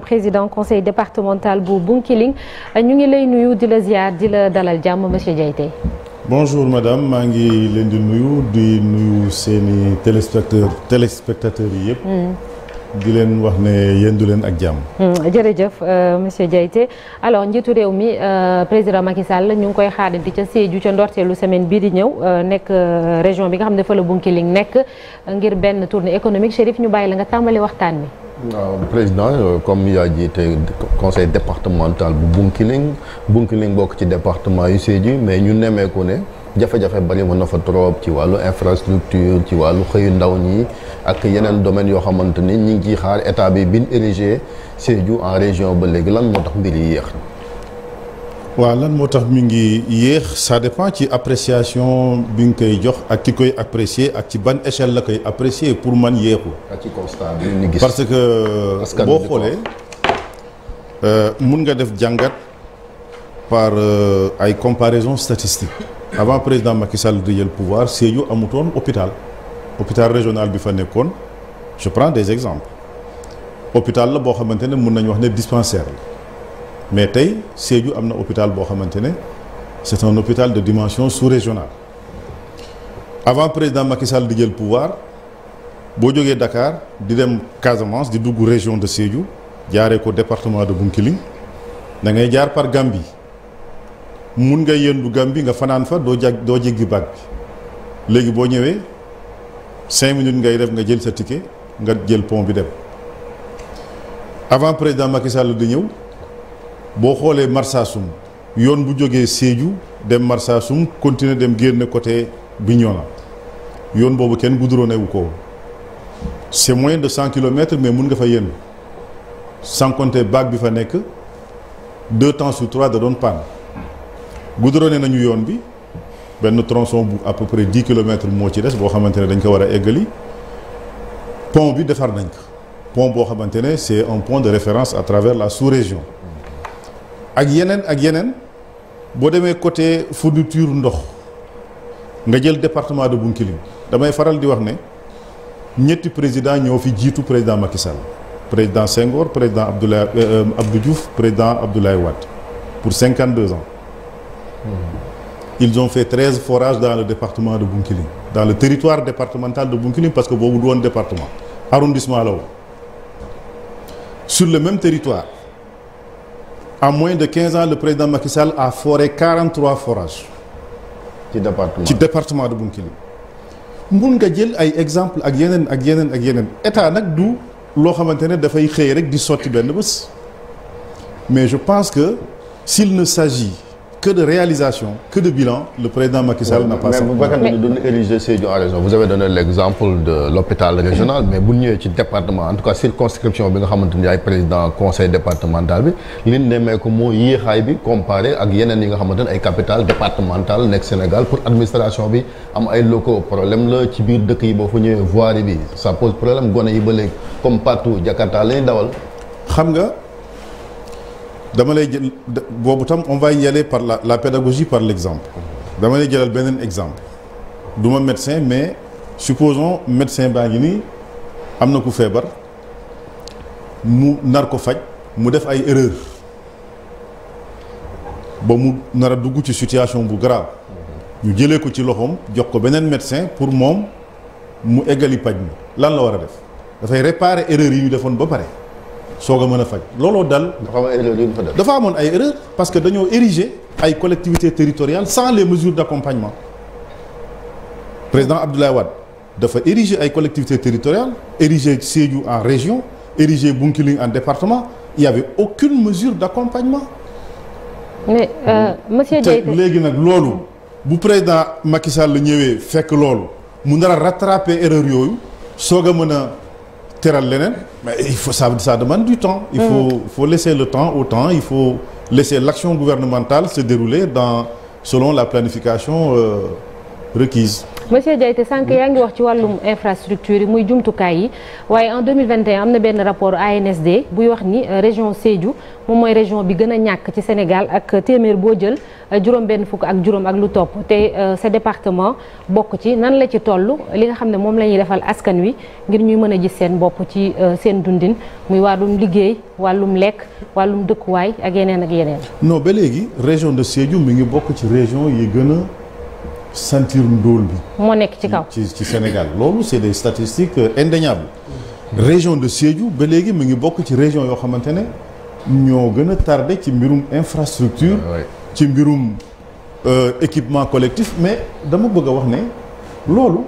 président conseil départemental bu Bunkiling ñu ngi lay nuyu di la di la dalal jàmm monsieur Diayte. bonjour madame maa ngi leen di nuyu di nuyu seeni téléspectateur téléspectateurs yi yëpp. Hmm. di leen wax ne yéen du leen ak jàmm. Hmm, jërëjëf euh, monsieur Diaité alors njiitu réew mi euh, président Macky Sall ñu ngi koy xaarandi ca Sédhiou ca lu semaine bii di ñëw euh, nekk région bi nga xam ne fa la Bounkiling nekk ngir benn tournée économique Chérif ñu bàyyi la nga tàmbali waxtaan mi waaw président comme yaa jiite conseil départemental bu Bounkiling bokk ci département yu Sédhiou mais ñu nemmeeku ne. jafe-jafe bari na fa trop ci wàllu infrastructure ci wàllu xëyu ndaw ñi ak yeneen domaines yoo xamante ni ñi ngi ciy xaar état bi bin érigé Sédhiou en région ba léegi lan moo tax mbir yi yéex. waaw lan moo tax mi ngi yéex ça dépend ci appréciation bi nga koy jox ak ki koy apprécier ak ci ban échelle la koy apprécier pour man yéexu. ak ci constat bi ñu gis. parce que boo xoolee euh, mun nga def jàngat par euh, ay comparaison statistique avant président Macky Sall di jël pouvoir Sédhiou amutoon hôpital hôpital régional bi fa nekkoon je prends des exemples hôpital la boo xamante ne mun nañu wax ne dispensaire la mais tey Sédhiou am na hôpital boo xamante ne c'est un hôpital de dimension sous-régionale avant président Macky Sall di jël pouvoir boo jogee Dakar di dem Casamance di dugg région de Sédhiou jaaree ko département de Bounkiling da ngay jaar par Gambie. mun nga yëndu bi nga fanaan fa doo jag doo jéggi baag bi léegi boo ñëwee cinq minutes ngay def nga jël sa ticket nga jël pont bi dem avant président Macky Sall di ñëw boo xoolee Marsassoum yoon bu jógee Sédhiou dem Marsassoum continuer dem génn côté Bignona yoon boobu kenn goudronné newu ko c'est moins de cent kilomètres mais mun nga fa yenn sans compter baag bi fa nekk deux temps sur trois da doon panne goudronné nañu yoon bi benn tronçon bu à peu près dix moo ci des boo xamante ne dañ ko war a eggali pont bi defar nañ ko pont boo xamante ne c'est un pont de référence à travers la sous-région ak yeneen ak yeneen boo demee côté fourniture ndox nga jël département de Bounkiling damay faral di wax ne ñetti président ñoo fi jiitu président Macky Sall président Senghor président Abdoulaye euh, euh, Abdou Diouf président Abdoulaye Wade pour cinquante deux ans ils ont fait treize forages dans le département de Bounkiling dans le territoire départemental de Bounkiling parce que boobu du woon département arrondissement la woon sur le même territoire en moins de quinze ans le président Macky Sall a foré quarante-trois forages ci département ci département de Bounkiling mun nga jël ay exemple ak yeneen ak yeneen ak yeneen état nag du loo xamante ne dafay xëye rek di sotti benn bés mais je pense que s'il ne s'agit que de réalisation que de bilan le président Macky Sall n'a pas. mais bu fekkee ne en région vous avez donné l'exemple de l'hôpital régional mais bu ñëwee ci département en tout cas circonscription bi nga xamante ay président conseil départemental bi li ñu ko moo yéexaay bi comparé ak yeneen yi nga xamante ne ay capital départemental nekk Sénégal pour administration bi am ay locaux problème la ci biir dëkk yi boo fa ñëwee voirie bi ça pose problème gone yi ba léegi comme partout Jakarta la ñuy dama lay jël boobu tam on va par la la pédagogie par l'exemple dama lay jëlal beneen exemple du ma médecin mais supposons médecin baa ngi nii am na ku feebar mu nar ko faj mu def ay erreur ba mu nar a dugg ci situation bu grave ñu jëlee ko ci loxoom jox ko beneen médecin pour moom mu eggali paj mi lan la war a def dafay réparer erreur yi ñu defoon ba pare soog a mën a faj looloo dal. dafa amoon erreur yu fa amoon ay erreur parce que dañoo ériger ay collectivité territoriales sans les mesures d'accompagnement président Abdoulaye Wade dafa ériger ay collectivité territoriales ériger Sédhiou en région ériger Bounkiling en département il y avait aucune mesure d'accompagnement. mais euh, monsieur léegi nag loolu bu président Macky Sall la ñëwee fekk loolu mu nar a rattraper erreur yooyu soog a mën a teral leneen. mais il faut ça ça demande du temps. il faut mmh. faut laisser le temps au temps il faut laisser l'action gouvernementale se dérouler dans selon la planification euh, requise. monsieur Diaité sànq yaa ngi wax ci wàllum infrastructure yi muy jumtukaay yi waaye en 2021 am na benn rapport ANSD buy wax ni euh, région Sédhiou moom mooy région bi gën a ñàkk ci Sénégal ak téeméer boo jël euh, juróom benn fukk ak juróom ak lu topp te euh, sa département bokk ci nan la ci toll li nga xam ne moom la ñuy defal askan wi ngir ñuy mën a gis seen bopp ci seen dundin muy wàllum liggéey wàllum lekk wàllum dëkkuwaay ak yeneen ak yeneen. non ba léegi région de Sédhiou mi ngi bokk ci région ceinture ndóol bi. moo nekk ci kaw ci ci Sénégal loolu c'est des statistiques euh, indéniables. région de Sédhiou ba léegi mu ngi bokk ci région yoo xamante ne ñoo gën a tardé ci mbirum infrastructure. ci mbirum euh, équipement collectif mais dama bëgg a wax ne loolu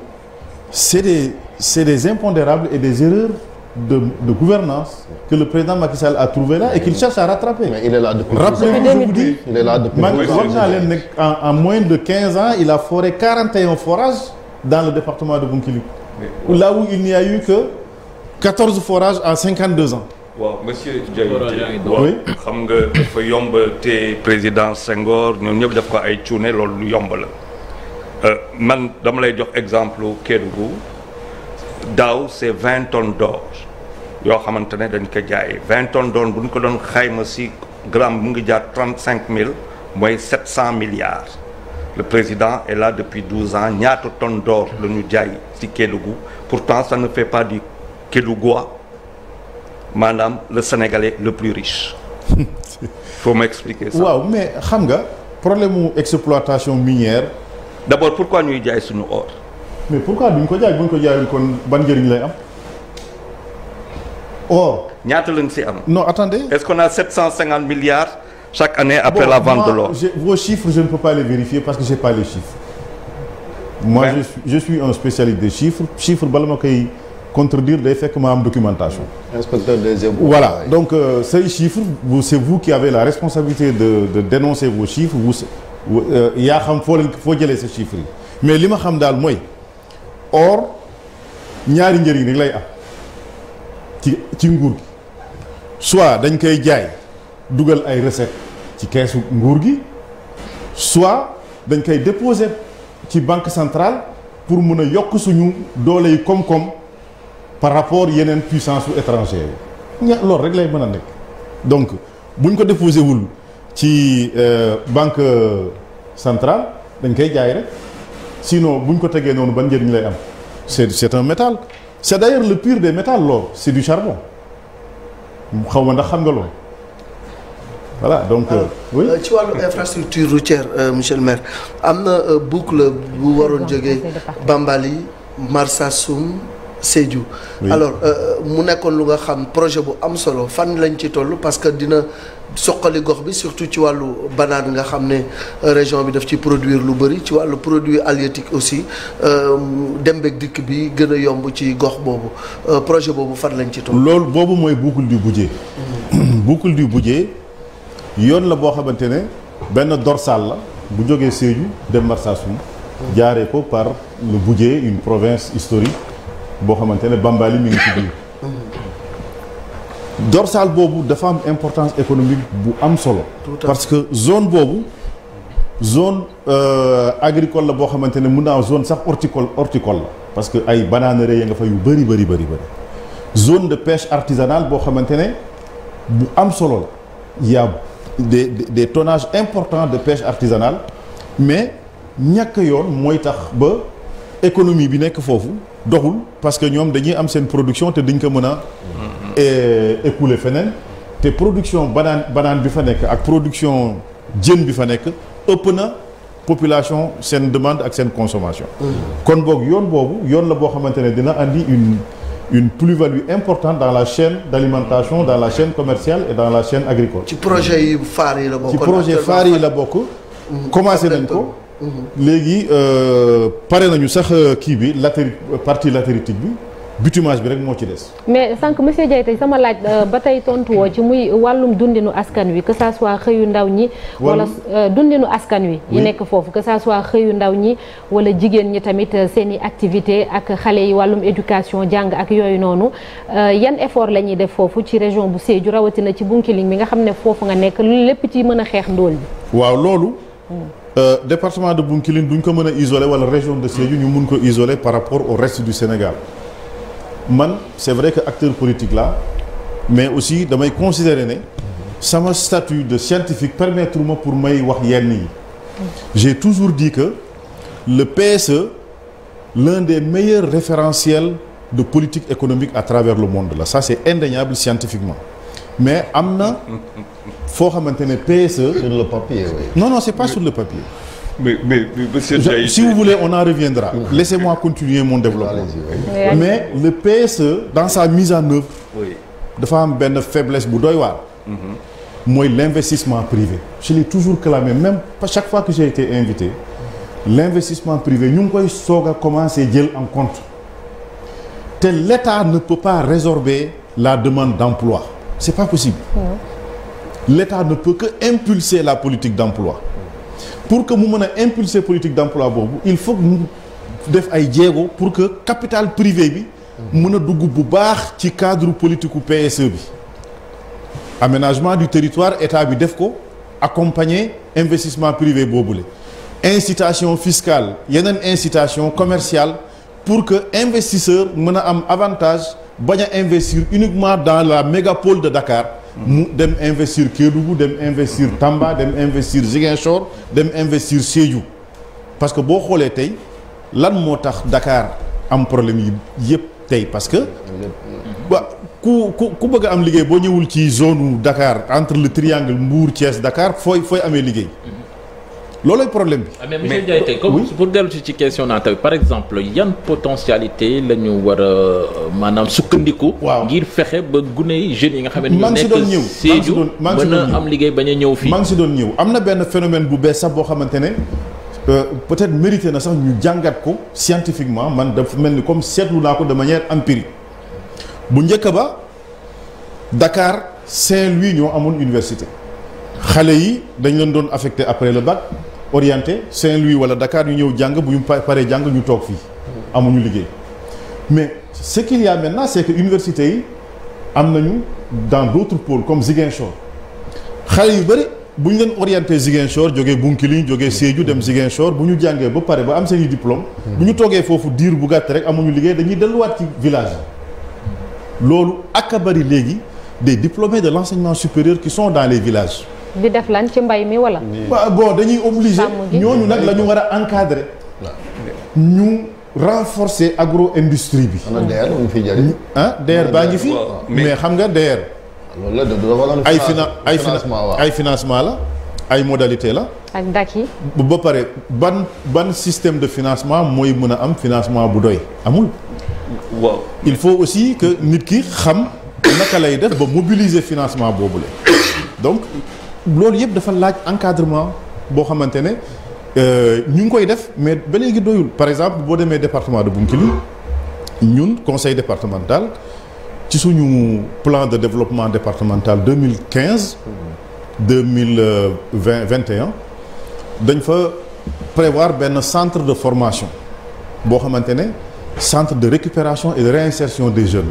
c'est des c'est des impondérables et des erreurs. de, de gouvernance que le président Macky Sall a trouvé là et qu'il cherche à rattraper. Mais il est là depuis. Rappelez-vous, je vous il est là depuis. man wax naa en moins de ans il a foré 41 dans le département de Bounkiling. Oui. là où il n'y a eu que 14 forages en 52 ans. waaw monsieur Diakité waaw xam nga dafa yomb président Senghor ñoom ñëpp daf ko ay cuune loolu yomb la euh, man dama lay jox exemple Kédougou. daaw c'est vingt tonnes d'or yoo xamante ne dañ ko jaayee vingt tonnes d'or bu ñu ko doon xayma si gramme mu ngi jaar trente cinq mille mooy sept cent milliards le président est là depuis douze ans ñaato tonnes d'or la ñu jaay si Kédougou pourtant ça ne fait pas du Kédougois maanaam le sénégalais le plus riche faut m'expliquer ça waaw mais xam nga problème mu exploitation minière d'abord pourquoi ñuy jaay suñu or mais pourquoi duñ ko jaay buñ ko jaayul kon ban njëriñ lay am or. ñaata lañ si am. non attendez. est-ce qu'on a 750 milliards chaque année après bon, la vente moi, de l'or. vos chiffres je ne peux pas les vérifier parce que j'ai pas les chiffres. moi ouais. je suis je suis un spécialiste des chiffres chiffre bala ma koy contredire day fekk ma am documentation. inspecteur des impôts. voilà donc euh, ces chiffres vous c'est vous qui avez la responsabilité de de dénoncer vos chiffres vous euh, yaa xam foo leen foo jëlee ces chiffres yi mais li ma xam daal mooy. or ñaari njëriñ rek lay am ci ci nguur gi soit dañ koy jaay dugal ay recette ci keesu nguur gi soit dañ koy déposer ci banque centrale pour mun a yokk suñu doole yi koom-koom par rapport yeneen puissance su étranger yi ña loolu rek lay mën a nekk donc buñ ko déposé wul ci euh, banque centrale dañ koy jaay rek sinon bu ñu ko tegee noonu ba njëriñ lay am c'est c'est un métal c'est d'ailleurs le pire des métals loolu c'est du charbon xaw ma ndax xam nga loolu voilà donc euh, euh, ci wàllu infrastructure routière euh, monsieur le maire am na boucle bu waroon jógee Bambali Marsassoum Sédhiou alors mu nekkoon lu nga xam projet bu am solo fan lañ ci toll parce que dina soqali gox bi surtout ci wàllu banaan nga xam ne euh, région bi daf ci produire lu bëri ci wàllu produit halieutique aussi euh, dem beeg dikk bi gën a yomb ci gox boobu euh, projet boobu fan lañ ci toog. loolu boobu mooy boucle di budget. Mm-hmm. boucle du budget yoon la boo xamante ne benn dorsal la bu jógee Sédhiou dem Marsassoum. Mm-hmm. jaaree ko par le budget une province historique boo xamante ne Bambali mi ngi ci biir. Mm-hmm. dorsal boobu dafa am importance économique bu am solo. parce que zone boobu zone euh, agricole la boo xamante ne mun naa zone sax horticole horticole la. parce que ay banaanare ya nga fa yu bëri bëri bëri bëri zone de pêche artisanale boo xamante ne bu am solo la y a des des tonnages importants de pêche artisanale mais ñàkk yoon mooy tax ba économie bi nekk foofu doxul parce que ñoom dañuy am seen production te dañ ko mën a. écoulé feneen te production banaan banaan bi fa nekk ak production jën bi fa nekk ëpp na population seen demande ak seen consommation mm. kon boog yoon boobu yoon la boo xamante ne dina andi une une plus-value importante dans la chaîne d'alimentation dans la chaîne commerciale et dans la chaîne agricole. ci projet yi phares yi la bokk. ci projet phares yi la bokk. Mm-hmm. commencé nañ ko. Mm-hmm. léegi euh, pare nañu sax euh, kii bi latéri partie latéritique bi. bitumage bi rek moo ci des. mais sànq monsieur Diaye tey sama laaj euh, ba tey tontuwoo ci muy wàllum dundinu askan wi que ça soit xëyu ndaw ñi. wala euh, dundinu askan wi. yi nekk foofu que ça soit xëyu ndaw ñi wala jigéen ñi tamit euh, seen i activité ak xale yi wàllum éducation jàng ak yooyu noonu yan effort la ñuy def foofu ci région bu Sédhiou rawatina ci Bounkiling bi nga xam ne foofu nga nekk lépp ci mën a xeex ndóol bi. waaw loolu. Hmm. Euh, département de Bounkiling duñ ko mën a isolé wala région de Sédhiou ñu mun ko isolé par rapport au reste man c'est vrai que acteur politique la mais aussi damay considérer ne sama statut de scientifique permettre ma pour may wax yenn yi j'ai toujours dit que le PSE l'un des meilleurs référentiels de politique économique à travers le monde la ça c'est indéniable scientifiquement mais am na foo xamante ne PSE sur le papier oui. non non c'est pas sur le papier mais mais monsieur Ndiaye si vous voulez on en reviendra. laissez-moi continuer mon développement. mais le PSE dans sa mise en œuvre. oui dafa am benn faiblesse bu doy waar. Mhm. mooy l'investissement privé. je l'ai toujours clamé même à chaque fois que j'ai été invité. l'investissement privé ñu ngi koy soog a commencer jël en compte te l'État ne peut pas la demande d'emploi c'est pas possible. l'État ne peut que impulser la politique d'emploi. pour que mu mën a impulser politique d'emploi boobu il faut mu def ay jéego pour que capital privé bi mën a dugg bu baax ci cadre politique u PSE bi aménagement du territoire état bi def ko accompagner investissement privé le incitation fiscale yeneen incitation commerciale pour que investisseur mën a am avantage bañ investir uniquement dans la mégapole de Dakar mu dem investir Kédougou dem investir Tamba dem investir Ziguinchor dem investir Sédhiou parce que boo xoolee tey lan moo tax dakaar am problème yi yëpp tey parce que wa ku ku ku bëgg am liggéey boo ñëwul ci zone Dakar entre le triangle Mbour Thiès dakaar fooy fooy amee liggéey loolu loolooy problème bi. Ah, mais monsieur Ndiaye tey comme pour dellu si ci question naa tamit par exemple yan potentialité la war a euh, maanaam sukkandiku. waaw ngir fexe ba gune jeunes yi nga xam ne. maa ngi si doon ñëw Sédhiou mën a am liggéey bañ a ñëw fii. maa ngi si doon ñëw am na benn phénomène bu bees sax boo xamante ne euh, peut-être mérité na sax ñu jàngat ko scientifiquement man dafa mel ni comme seetlu naa ko de manière empirique bu njëkk ba dakaar Saint-Louis ñoo amoon université xale yi dañ leen doon affecté après le bac. orienté Saint-Louis wala Dakar yu ñëw jàng bu ñu paree jàng ñu toog fii. amuñu liggéey mais ce qu'il y a maintenant université yi am nañu dans d'autres pôles comme Ziguinchor xale yu bëri bu ñu leen orienté Ziguinchor jógee Bounkiling jógee Sédhiou dem Ziguinchor bu ñu jàngee ba pare ba am seen i diplôme. bu ñu toogee foofu diir bu gàtt rek amuñu liggéey dañuy delluwaat ci village yi. loolu ak a bëri léegi des diplômés de l'enseignement supérieur qui sont dans les villages. di def lan ci mbay mi wala. bon dañuy obligé ñooñu nag la ñu war a encadrer. ñu renforcer agro industrie bi. xanaa DER mu fi jëriñ. ah baa ngi fi. mais xam nga DER. ay fina ay financement ay financement la ay modalité la. ak dak yi. pare ban ban système de financement mooy mën a am financement bu doy amul. waaw il faut aussi que nit ki xam naka lay def ba mobiliser financement boobu la loolu yëpp dafa laaj encadrement boo xamante ne euh, ñu ngi koy def mais ba léegi doyul par exemple boo demee département de Bounkiling ñun conseil départemental ci suñu plan de développement départemental 2015 2020 21 dañ fa prévoir benn centre de formation boo xamante ne centre de récupération et de réinsertion des jeunes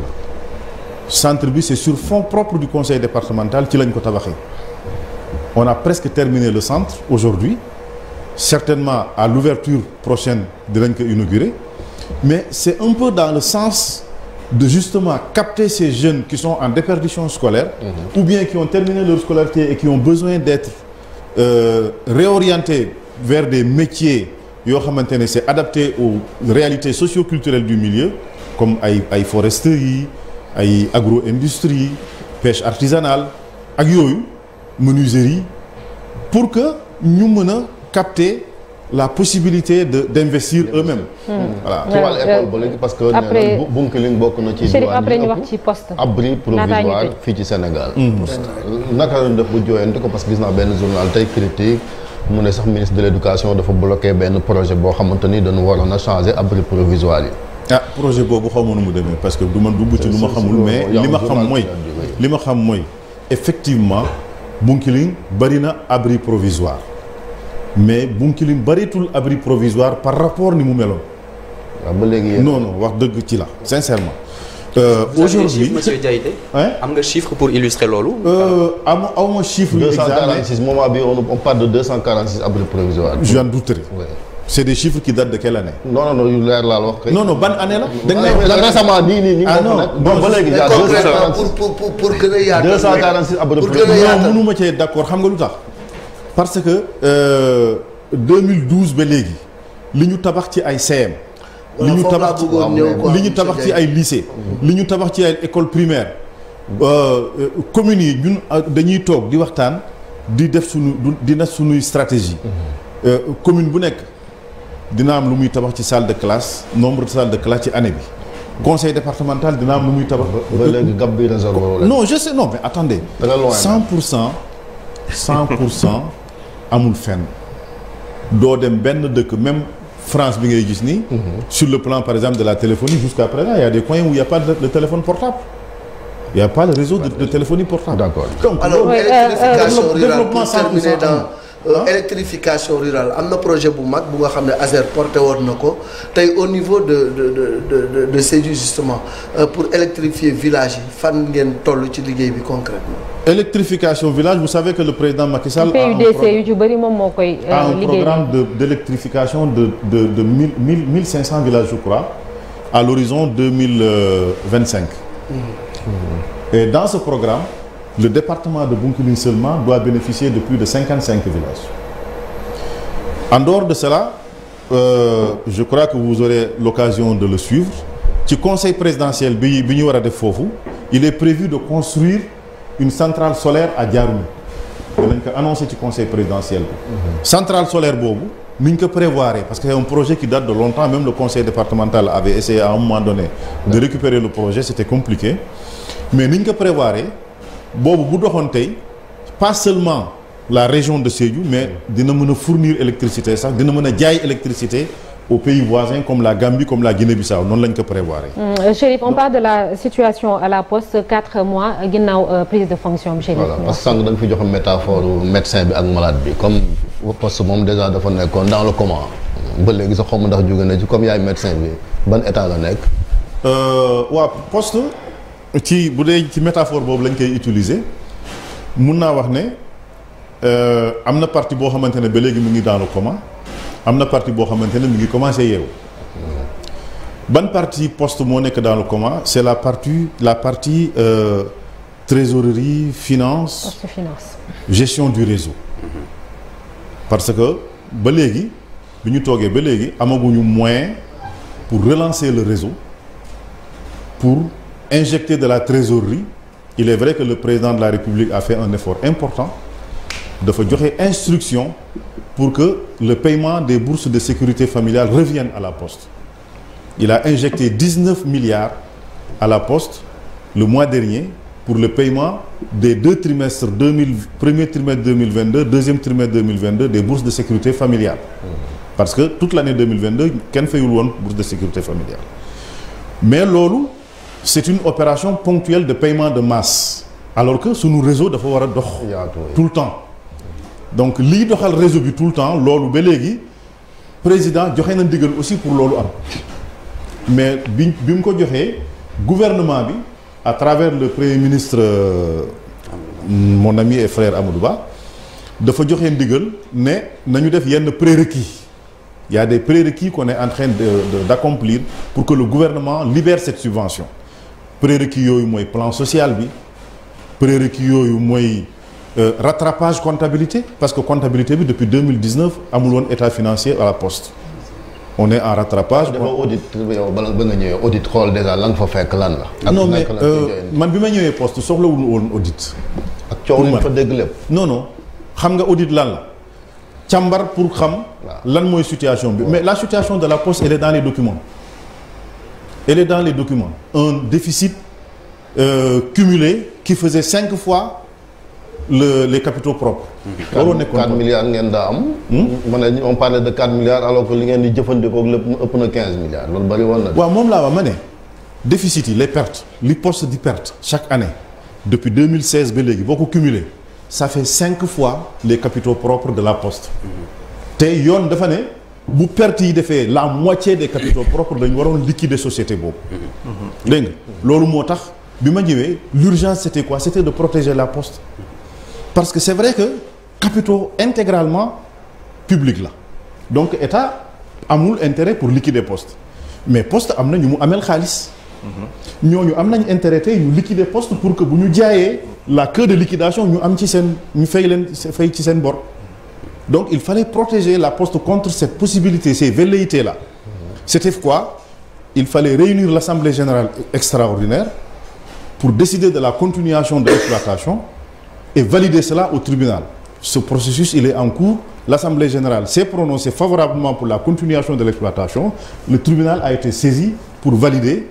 la centre bi c'est sur fonds propres du conseil départemental ci lañ ko tabaxee on a presque terminé le centre aujourd'hui certainement à l'ouverture prochaine dinañ ko inaugurer mais c'est un peu dans le sens de justement capter ces jeunes qui sont en déperdition scolaire mmh. ou bien qui ont terminé leur scolarité et qui ont besoin d'être euh, réorientés vers des métiers yoo xamante ne c'est adapté aux réalités socio-culturelles du milieu comme ay ay foresterie ay agro-industrie pêche artisanale ak yooyu menuiserie pour que ñu mën a capter la possibilité de d'investir eux-mêmes. Hmm. voilà ci wàllu école ba parce que. après Bounkiling bokk na ci. diwaan après ñu wax ci poste. abri provisoire fii ci Sénégal. Hmm. naka la def bu jooyante ko parce que gis naa benn journal tey critique mu ne sax ministre de l'éducation dafa bloqué benn projet boo xamante ni dañu waroon a changer abri provisoire yi. ah projet boobu xaw ma mu demee parce que du ma dugg ci lu ma xamul mais li ma li ma xam mooy effectivement. Bounkiling bëri na abri provisoire mais Bounkiling bëritul abri provisoire par rapport ni mu meloon. waaw ba léegi non non wax dëgg ci la sincèrement. Euh, aujourd'hui monsieur Diaïté am nga chiffre pour illustrer loolu. Euh, am aw chiffre. exactement 246 moment bi on parle de 246 abris provisoires. j'en douterai. Ouais. c'est des chiffres qui datent de quelle année. non non non yu leer laa ban année la. dañ lay récemment nii nii ñu ah, ngi bon ba léegi jaar deux cent pour pour pour pour que ne yaatal. ma cee d' accord xam nga lu tax. parce que 2012 euh, ba léegi li ñu tabax ci ay CM. li ñu tabax li ñu tabax ci ay lycée. li ñu tabax ci ay école primaire. Euh, euh, communes yi ñun dañuy toog di waxtaan di def suñu dina def suñuy stratégie. commune bu nekk. dina am lu muy tabax ci salle de classe nombre de salle de classe ci année bi conseil départemental dina am lu muy tabax. non je sais non attendez. amul fenn doo dem benn dëkk même France bi ngay gis ni mhm. sur le plan par exemple de la téléphonie jusqu'à présent il y a des coins où il a pas téléphone portable il réseau de, de portable. D'accord. donc alors euh, euh, euh, développement cent pour cent Euh, électrification rurale am na projet bu mag bu nga xam ne ASER porté woon na ko tey au niveau de de de de de Sédhiou justement euh, pour électrifier village yi fan ngeen toll ci liggéey bi concrètement électrification village vous savez que le président Macky Sall a un PUDC moom moo koy euh, liggéey un programme de d'électrification mille mille mille cinq cent villages je crois à l'horizon deux mille vingt cinq mmh. dans ce programme le département de Bounkiling seulement doit bénéficier de plus de 55 villages. En dehors de cela, euh, je crois que vous aurez l'occasion de le suivre. Ci conseil présidentiel bi bi ñu war def foofu il est prévu de construire une centrale solaire à Diaroumé. dinañ ko annoncé ci conseil présidentiel bi. Mm -hmm. centrale solaire boobu ni ñu ko prévoir parce que c'est un projet qui date de longtemps même le conseil départemental avait essayé à un moment donné. de récupérer le projet c'était compliqué mais ni ñu ko prévoir. boobu bu doxoon tey pas seulement la région de Sédhiou mais dina mën a fournir électricité sax dina mën a jaay électricité aux pays voisins comme la Gambie comme la Guinée-Bissau noonu lañ ko prévoir. Euh, Chérif on parle de la situation à la poste quatre mois ginnaaw euh, prise de fonction bi. parce que sànq da nga fi jox métaphore médecin bi ak malade bi comme poste moom déjà dafa nekkoon dans le coma ba léegi sa xaw ma ndax jóge na ci comme yaay médecin bi ban état la nekk. Euh, waaw poste. ci bu dee ci métaphore boobu lañ koy utiliser mun naa wax ne euh, am na parti boo xamante ne ba léegi mu ngi dans le am na partie boo xamante ne mu ngi commencé yeewu ban parti poste moo nekk dans le coma c'est la partie la partie euh, trésorerie finance gestion du réseau parce que ba léegi bi ñu toogee ba léegi amaguñu moyen pour relancer le réseau pour injecter de la trésorerie il est vrai que le président de la République a fait un effort important dafa joxe instruction pour que le paiement des bourses de sécurité familiale revienne à la poste il a injecté 19 milliards à la poste le mois dernier pour le paiement des deux trimestres 2000 premier trimestre 2022 deuxième trimestre 2022 des bourses de sécurité familiale parce que toute l'année 2022 kenn fayul woon bourse de sécurité familiale mais loolu c'est une opération ponctuelle de paiement de masse alors que suñu réseau dafa war a dox tout le temps donc lii doxal réseau bi tout le temps loolu ba léegi président joxe na ndigal aussi pour loolu am mais bi bi mu ko joxee gouvernement bi à travers le premier ministre euh, mon ami et frère Amadou Ba dafa joxe ndigal ne nañu def yenn prérequis il y a des prérequis qu'on est en train de, de d'accomplir pour que le gouvernement libère cette subvention prérequis yooyu mooy plan social bi prérequis yooyu mooy euh, rattrapage comptabilité parce que comptabilité bi depuis 2019 amul woon état financier à la poste on est en rattrapage. dafa audit yow bala ba nga ñëwee audit xool déjà lan fa fekk lan la. Ah non mais euh, man bi ma ñëwee poste soxlawul woon audit. ak coow lañ fa dégg lépp. non non xam nga audit lan la. càmbar pour xam. lan mooy situation bi mais la situation de la poste elle est dans les documents. elle dans les document un déficit euh, cumulé qui faisait cinq fois le les capitaux propres. waroo nekkoon 4 milliards ngeen daa am. Hmm? ma ne on parlait de 4 milliards alors que li ngeen di jëfandikoo lépp ëpp na 15 milliards loolu bari woon waaw moom laa wax ma ne déficit yi les perte li poste di perte chaque année depuis 2016 ba léegi boo ko cumulé ça fait cinq fois les capitaux propres de la poste. Mm-hmm. te yoon dafa ne. bu perte yi defee la moitié de capitaux propres dañu waroon liquider société boobu. dégg nga loolu moo tax bi ma ñëwee l'urgence c'était quoi c'était de protéger la poste parce que c'est vrai que capitaux intégralement public la donc état amul intérêt pour liquider poste mais poste am na ñu mu ameel xaalis. ñooñu am nañ intérêt tey ñu liquider poste pour que bu ñu jaayee la queue de liquidation ñu am ci seen ñu fay leen fay ci seen bor. donc il fallait protéger la poste contre cette possibilité ces velléités là c'était quoi il fallait réunir l'assemblée générale extraordinaire pour décider de la continuation de l'exploitation et valider cela au tribunal ce processus il est en cours l'assemblée générale s'est prononcée favorablement pour la continuation de l'exploitation le tribunal a été saisi pour valider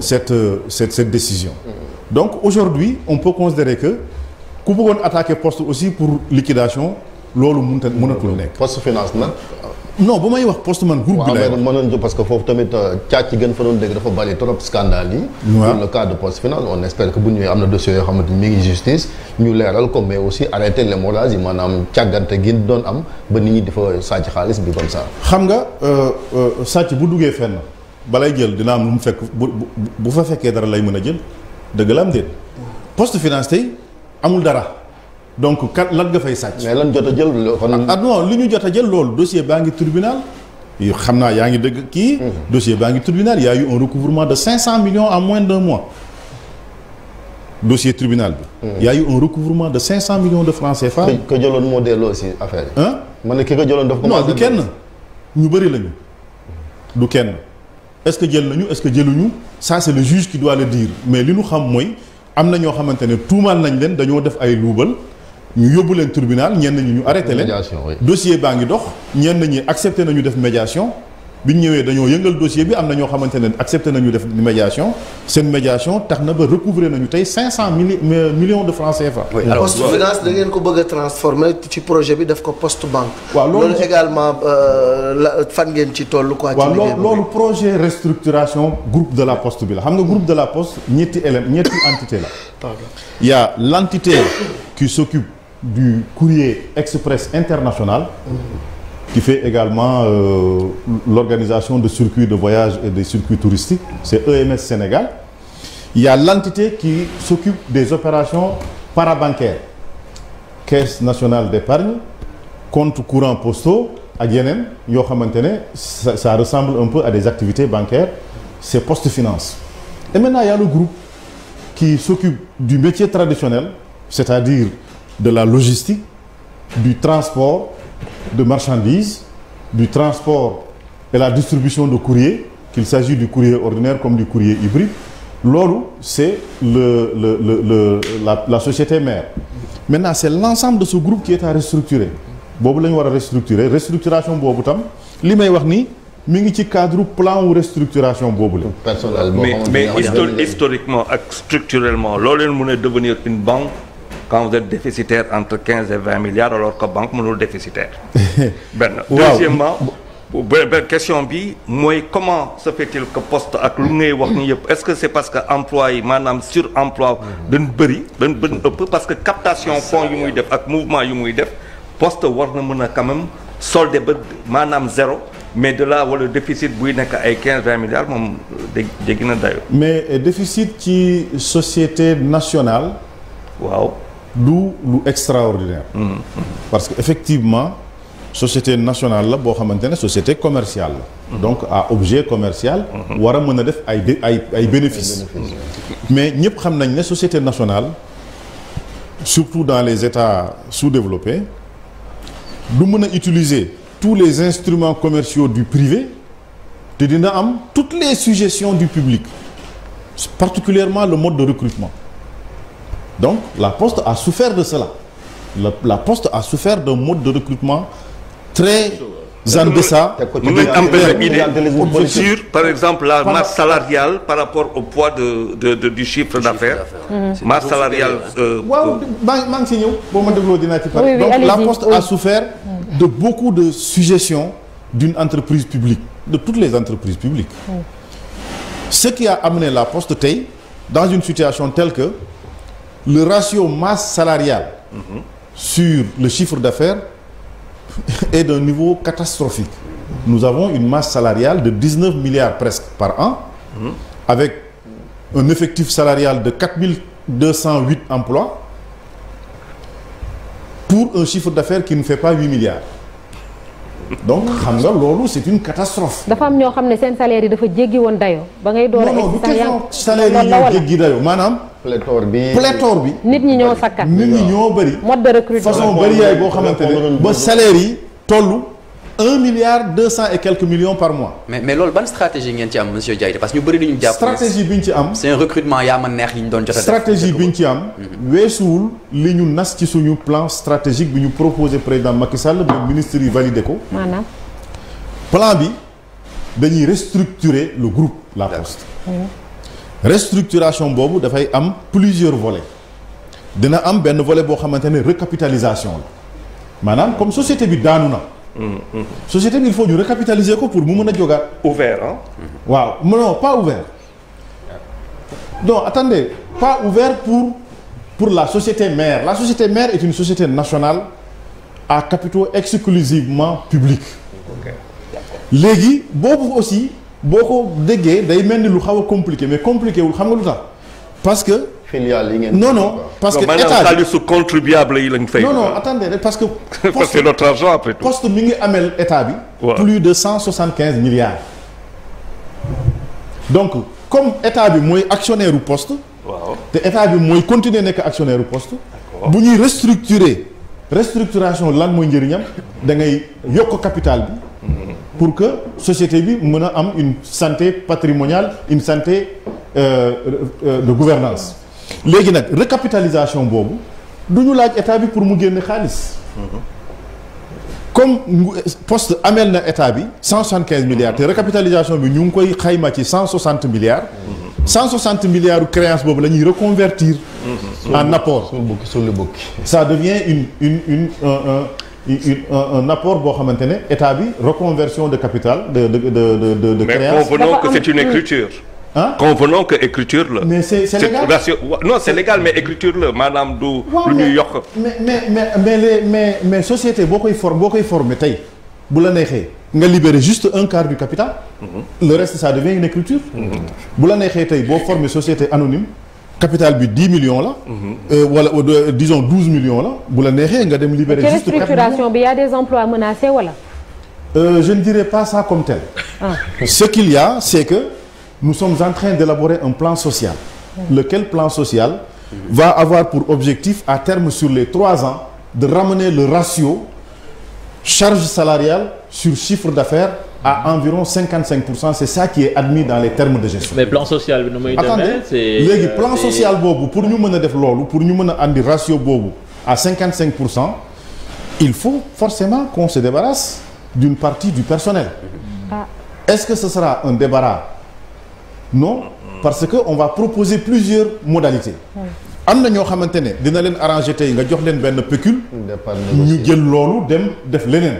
cette euh, cette cette décision donc aujourd'hui on peut considérer que ku bëggoon attaquer poste aussi pour liquidation loolu mënut a mënatul nekk. post finance nag. non ba may wax poste man groupe bi parce que foofu tamit euh, càcc gën fa doon dégg dafa bari trop scandale yi. pour le cas de poste ni mi ngi justice ñu leeral ko mais aussi arrêter l'hémorragie yi maanaam càggante gi doon am ba nit ñi dafa sàcc xaalis bi comme ça. xam nga euh, euh, sàcc bu duggee fenn balay jël dina am lu mu fekk bu bu fa fekkee dara lay mën a jël dëgg la am déet post finance tey amul dara. donc kat lan nga fay sàcc. mais lan jot a jël kon. Ah, ah non li ñu jot a jël loolu dossier baa ngi tribunal. xam naa yaa ngi dëgg kii. Mhm. dossier baa ngi tribunal y a recouvrement de 500 millions en moins d'un mois. dossier tribunal bi. Mhm. y a eu un recouvrement de 500 millions de francs CFA. ko jëloon moo delloo si affaire yi. ma ne ki ko jëloon daf ko. non du kenn ñu bëri lañu du kenn. est-ce que jël nañu est-ce que jëluñu ça c'est le juge qui doit le dire mais li ñu xam mooy am na ñoo xamante ne tuumaal nañ leen dañoo def ay luubal. ñu yóbbu leen tribunal ñenn ñi ñu arrêté leen dossier baa ngi dox ñenn ñi accepté nañu def médiation bi ñu ñëwee dañoo yëngal dossier bi am na ñoo xamante ne accepté nañu def médiation seen médiation tax na ba recouvrer nañu tey 500 mili euh, millions de francs CFA. oui alors poste ko bëgg a transformer ci projet bi def ko poste banque. waaw loolu également euh, fan ngeen ci toll quoi. ci liggéey loolu projet restructuration groupe de la poste bi la xam nga groupe de la poste ñetti élèves ñetti entité la. pardon il y a l' du courrier express international qui fait également euh, l'organisation de circuits de voyage et des circuits touristiques, c'est EMS Sénégal. Il y a l'entité qui s'occupe des opérations parabancaires, Caisse nationale d'épargne, contre courant postaux ak yeneen yoo xamante ne ça, ça ressemble un peu à des activités bancaires, c'est Poste Finance. Et maintenant, il y a le groupe qui s'occupe du métier traditionnel, c'est-à-dire de la logistique du transport de marchandises du transport et la distribution de courrier qu'il s'agit du courrier ordinaire comme du courrier hybride loolu c'est le le le le la la société mais maintenant c'est l'ensemble de ce groupe qui est à restructurer boobu la ñu war a restructurer restructuration boobu tam li may wax ni mi ngi ci cadre plan wu restructuration boobu la. personnellement mais mais historiquement ak leen mën a devenir une banque. quand vous êtes déficitaire entre quinze et vingt milliards alors que banque mënul déficitaire benn deuxièmement ba question bi mooy comment se fait-il que poste ak lu ngay wax ni yëpp est-ce que c'est parce que emploi yi maanaam sur emploi dañ bëri dañ bëri ëpp parce que captation fonds yu muy def ak mouvement yu muy def poste war na mën a quand même solde ba maanaam zéro mais de là wala déficit buy nekk ay quinze vingt milliards moom euh, dégg dégg na dayo mais euh, déficit ci société nationale waaw du lu extraordinaire. parce que effectivement société nationale la boo xamante ne société commerciale la. donc à objet commercial. war a mën a def ay ay ay bénéfices. mais ñëpp xam nañ ne société nationale surtout dans les états sous-développés du mën a utiliser tous les instruments commerciaux du privé te dina am toutes les suggestions du public particulièrement le mode de recrutement. donc la poste a souffert de la, la poste a souffert d'un mode de recrutement très en deçà mën par exemple la masse salariale par rapport au poids de, de, du chiffre d'affaires masse salariale euh, waaw ma dégloo dinaa ci pare donc la poste a souffert mm. de beaucoup de suggestions d'une entreprise publique de toutes les entreprises publiques ce qui a amené la poste tey dans une situation telle que le ratio masse salariale mmh. sur le chiffre d'affaires est d'un niveau catastrophique. Nous avons une masse salariale de 19 milliards presque par an, mhm. avec un effectif salarial de 4208 emplois, pour un chiffre d'affaires qui ne fait pas 8 milliards. donc xam nga loolu c'est une catastrophe. dafa am ñoo xam ne seen salaire dafa jéggi woon dayoo. ba ngay door a. non non jéggi dayoo maanaam. pléthore bi pléthore bi. nit ñi ñoo sakkat nit ñi ñoo bëri. façon bëri boo xamante ba salaire yi tollu. milliard et quelques millions par mois. mais mais loolu ban stratégie ngeen ci am monsieur Diakité parce que ñu bëri nañu bi ñu ci am. c'est un ma neex a def. stratégie bi ñu ci am. Mm-hmm. weesuwul li ñu nas ci suñu plan stratégique bi ñu proposé président Macky Sall ba ministre yi plan bi dañuy restructurer le groupe La Poste. restructuration boobu dafay am plusieurs volets dina am benn volet boo xamante ne recapitalisation la maanaam comme société bi daanu na. société bi il faut ñu recapitaliser ko pour mu mën a jógaat. ouvert ah. waaw non pas ouvert non attendez pas ouvert pour pour la société mère la société maire est une société nationale à capitaux exclusivement publics. léegi boobu aussi. boo ko déggee day mel ni lu xaw a compliqué mais compliqué wul xam nga lu tax parce que. filiale yi ngeen. non non parce que état bi xaalisu contribuable yi lañ fay. non non parce que. poste parce que notre ngi amel état bi. plus de cent soixante quinze milliards. donc comme état bi mooy actionnaire u waaw te état bi mooy continuer nekk actionnaire u poste. bu ñuy restructurer restructuration lan mooy njëriñam da ngay yokk capital bi. pour que société bi mën a am une santé patrimoniale une santé euh, euh, euh, de gouvernance léegi nag recapitalisation boobu du ñu laaj état bi pour mu génne xaalis comme poste ameel na état bi cent soixante quinze milliards te recapitalisation bi ñu ngi koy xayma ci cent soixante milliards cent soixante milliards créance boobu la ñuy reconvertir mmh. en apport suñu bukki suñu bukki ça devient une une un apport boo xamante ne état bi reconversion de capital de de de de de créance. mais convenons que c'est une écriture. convenons que écriture la. mais c'est c'est légal non c'est légal mais écriture la maanaam du. lu ñuy yokk. mais mais mais mais mais mais société boo koy form boo koy former tey bu la neexee nga libérer juste un quart du capital. Mhm. le reste ça devient une écriture. Mhm. bu la neexee tey boo former société anonyme. capital bi 10 millions la. Mhm. Euh, wala euh, disons 12 millions la bu la neexee nga dem libérer. juste restructuration bi y a des emplois menacés wala. Euh, je ne dirais pas ça comme tel. Ah. Ce qu'il y a, c'est que nous sommes en train d'élaborer un plan social. Lequel plan social va avoir pour objectif à terme sur les trois ans de ramener le ratio charge salariale sur chiffre d'affaires à environ 55 pour cent c'est ça qui est admis dans les termes de gestion. mais léegi euh, plan social boobu pour ñu mën a def loolu pour ñu mën a andi ratio boobu à 55 pour cent il faut forcément qu'on se débarrasse d'une partie du personnel. ah est-ce que ce sera un débarras non parce que on va proposer plusieurs modalités. am na ñoo xamante ne dina leen arranger tey nga jox leen benn pécule. ñu jël loolu dem def leneen.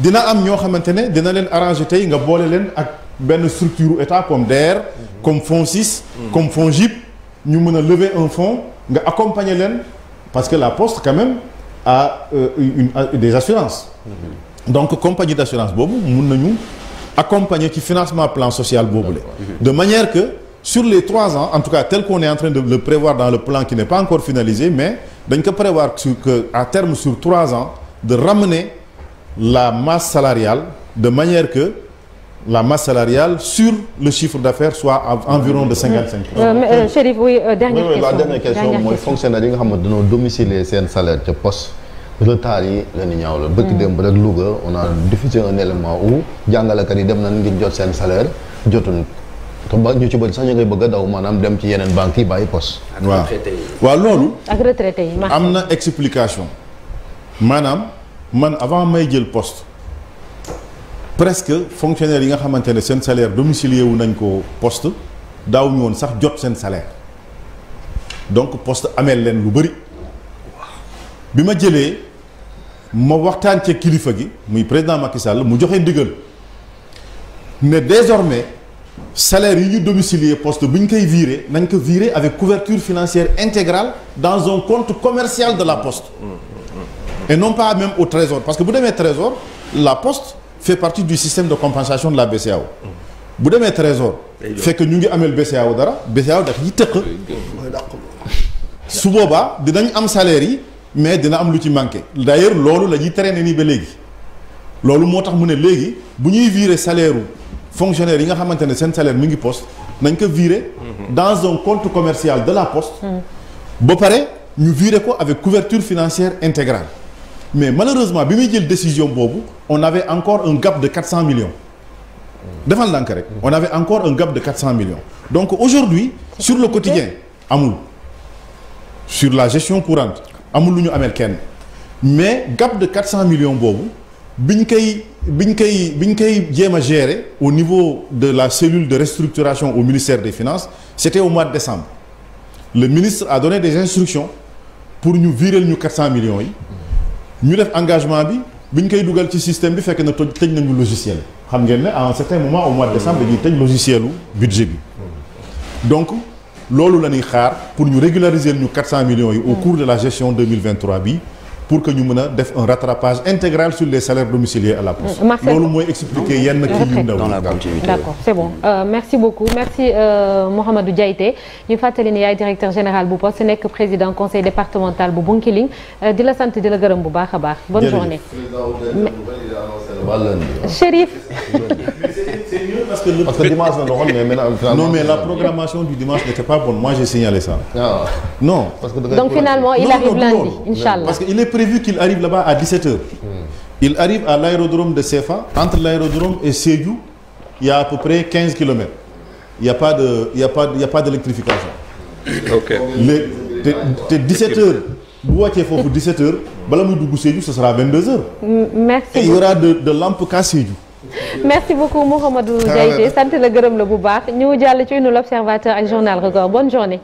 dina am ñoo xamante ne dina leen arrangé tey nga boole leen ak benn structure état comme DER. comme FONSIS. comme FONGIP ñu mën a lever un fonds nga accompagner leen parce que la poste quand même a euh, une des assurances. donc compagnie d' assurance boobu mun na ñu accompagner ci financement plan social boobule. de manière que sur les trois ans en tout cas tel on est en train de le prévoir dans le plan qui n'est pas encore finalisé mais dañ ko prévoir que à terme sur trois ans de ramener. la masse salariale de manière que la masse salariale sur le chiffre d'affaires soit à environ de 55 pour cent. mooy fonctionnaire yi nga xam ne dañoo domicilier seen salaire ca poste. retard yi la ñaaw la bëgg démb rek Louga on a diffusé un élément où jàngalekat yi dem nañ ngir jot seen salaire jotuñ te ba ñu ci bëri sax ñu ngay bëgg a daw maanaam dem ci yeneen banque yi bàyyi poste. waaw waaw loolu. ak retraité yi am na explication maanaam. man avant may jël post presque fonctionnaire yi nga xamante ne seen salaire domicilié wu nañ ko poste daawuñu woon sax jot seen salaire donc poste amee leen lu bëri bi ma jëlee ma waxtaan ci kilifa gi muy président Macky mu joxe ndigal ne désormais salaire yi ñu domicilié poste bu ñu koy virer nañ ko virer avec couverture financière intégral dans un compte commercial de la poste. et non pas même au trésor parce que bu demee trésor la post fait partie du système de compensation de la BCEAO bu demee trésor fekk ñu ngi ameel BCEAO dara BCEAO daf yi tëq su boobaa dinañ am salaire yi mais dina am lu ci manqué d'ailleurs loolu la ñuy traîner nii ba léegi loolu moo tax mu ne léegi bu ñuy virer salaire u yi nga xamante ne seen salaire mi ngi poste nañ ko virer mhm. dans un compte commercial de la poste mhm. ba pare ñu virer ko avec couverture financière intégrale mais malheureusement bi muy jël décision boobu on ave encore un gap de 400 millions. defal ndànk rek on avait encore un gap de 400 millions donc aujourd'hui sur le quotidien amul sur la gestion courante amul lu ñu ameel kenn mais gap de 400 millions boobu bi ñu koy bi ñu koy bi ñu koy jéem a gérer au niveau de la cellule de restructuration au ministère des finances c'était au mois de décembre le ministre a donné des instructions pour ñu virer ñu 400 yi ñu def engagement bi bu ñu koy dugal ci système bi fekk na toj tëj nañu logiciel xam ngeen ne à un certain moment au mois de décembre dañuy tëj logicielu budget bi donc loolu la nuy xaar pour ñu régulariser ñu 400 millions yi au cours de la gestion bi pour que ñu mën a def un rattrapage intégral sur les salaires domiciliés à la poste. loolu mooy expliquer yenn kii yu ndaw. d'accord c'est bon euh, merci beaucoup merci euh, Mouhamadou ñu fàttali ni yaay directeur général bu poste nekk président conseil départemental bu Bunkiling euh, di la sant di la gërëm bu baax a baax. bonne journée. Chérif. parce que, le... parce que dimanche la mais la programmation du dimanche n'était pas bonne moi j'ai signalé ah. non. que donc finalement il non, arrive non, lundi inchallah parce que hmm. il arrive à l'aérodrome de Séfa. entre l'aérodrome et Sédhiou il a à peu près 15 kilomètres. il a pas de il a pas il y a pas d'électrification. ok te te 17h. bu wàccee foofu 17h. bala muy dugg Sédhiou ce sera 22h. merci et de de lampes qu'à merci beaucoup Mouhamadou Diayte ah, sant la gërëm la bu baax ñu jàll ci une l'observateur ak journal Record bonne journée